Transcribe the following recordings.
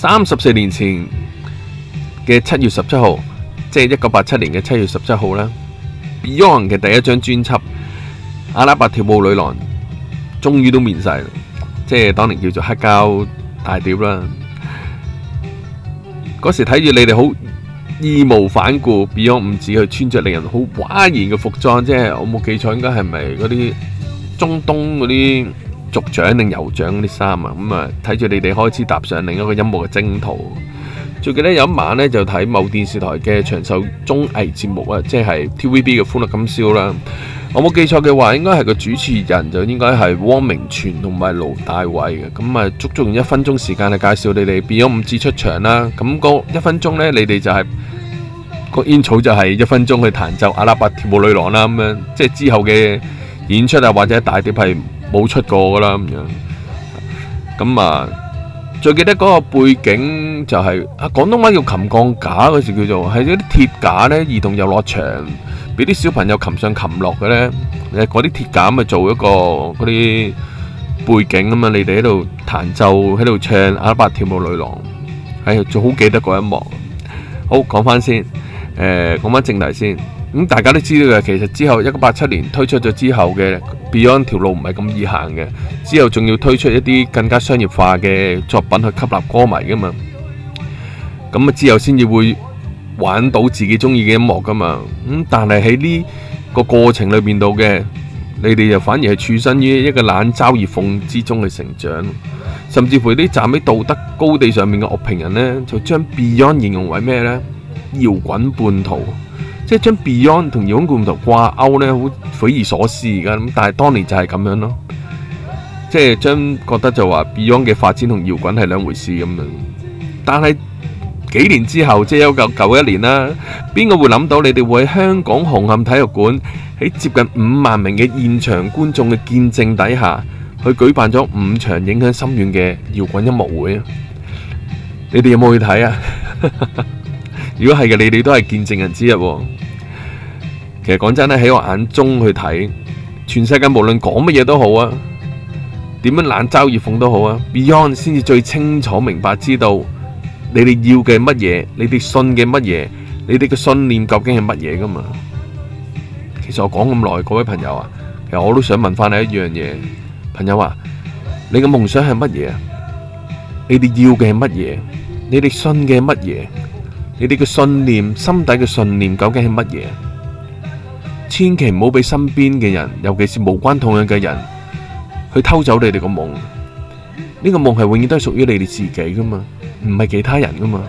三十四年前嘅七月十七號，即係一九八七年嘅七月十七號啦，Beyond 嘅第一張專輯《阿拉伯跳舞女郎》終於都面世啦，即係當年叫做黑膠大碟啦。嗰時睇住你哋好義無反顧，Beyond 唔止去穿着令人好嘩然嘅服裝，即係我冇記錯，應該係咪嗰啲中東嗰啲？族長定酋長嗰啲衫啊，咁啊睇住你哋開始踏上另一個音樂嘅征途。最記得有一晚呢，就睇某電視台嘅長壽綜藝節目啊，即係 TVB 嘅歡樂今宵啦。我冇記錯嘅話，應該係個主持人就應該係汪明荃同埋盧大偉嘅。咁啊，足足用一分鐘時間嚟介紹你哋變咗五次出場啦。咁嗰一分鐘呢，你哋就係個 intro 就係一分鐘去彈奏阿拉伯跳舞女郎啦。咁樣即係之後嘅演出啊，或者大碟係。冇出過㗎啦咁樣，咁啊最記得嗰個背景就係、是、啊廣東話叫擒鋼架嗰時叫做係啲鐵架咧、兒童遊樂場，俾啲小朋友擒上擒落嘅咧，誒嗰啲鐵架咪做一個嗰啲背景咁嘛？你哋喺度彈奏喺度唱阿拉伯跳舞女郎，係、哎，仲好記得嗰一幕。好講返先，誒講返正題先，咁、嗯、大家都知道嘅，其實之後一九八七年推出咗之後嘅。Beyond 條路唔係咁易行嘅，之後仲要推出一啲更加商業化嘅作品去吸納歌迷噶嘛，咁啊之後先至會玩到自己中意嘅音樂噶嘛，咁、嗯、但係喺呢個過程裏面度嘅，你哋就反而係處身於一個冷嘲熱諷之中嘅成長，甚至乎啲站喺道德高地上面嘅樂評人呢，就將 Beyond 形容為咩呢？搖滾叛徒。即係將 Beyond 同搖滾同頭掛鈎呢，好匪夷所思而家。咁但係當年就係咁樣咯。即係將覺得就話 Beyond 嘅發展同搖滾係兩回事咁樣。但係幾年之後，即係一九九一年啦，邊個會諗到你哋會喺香港紅磡體育館喺接近五萬名嘅現場觀眾嘅見證底下，去舉辦咗五場影響深遠嘅搖滾音樂會啊？你哋有冇去睇啊？如果係嘅，你哋都係見證人之一。其實講真咧，喺我眼中去睇，全世界無論講乜嘢都好啊，點樣冷嘲熱諷都好啊，Beyond 先至最清楚明白知道你哋要嘅乜嘢，你哋信嘅乜嘢，你哋嘅信念究竟係乜嘢噶嘛？其實我講咁耐，各位朋友啊，其實我都想問翻你一樣嘢，朋友啊，你嘅夢想係乜嘢？你哋要嘅係乜嘢？你哋信嘅係乜嘢？你哋嘅信念心底嘅信念究竟係乜嘢？千祈唔好俾身邊嘅人，尤其是無關痛癢嘅人，去偷走你哋個夢。呢個夢係永遠都係屬於你哋自己噶嘛，唔係其他人噶嘛。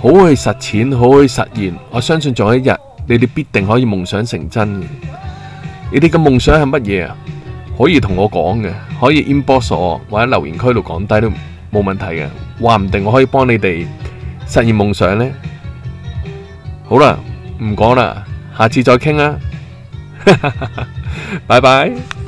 好去實踐，好去實現，我相信仲有一日，你哋必定可以夢想成真。你哋嘅夢想係乜嘢啊？可以同我講嘅，可以 inbox 我或者留言區度講低都冇問題嘅，話唔定我可以幫你哋實現夢想咧。好啦，唔講啦。下次再傾啦，拜拜。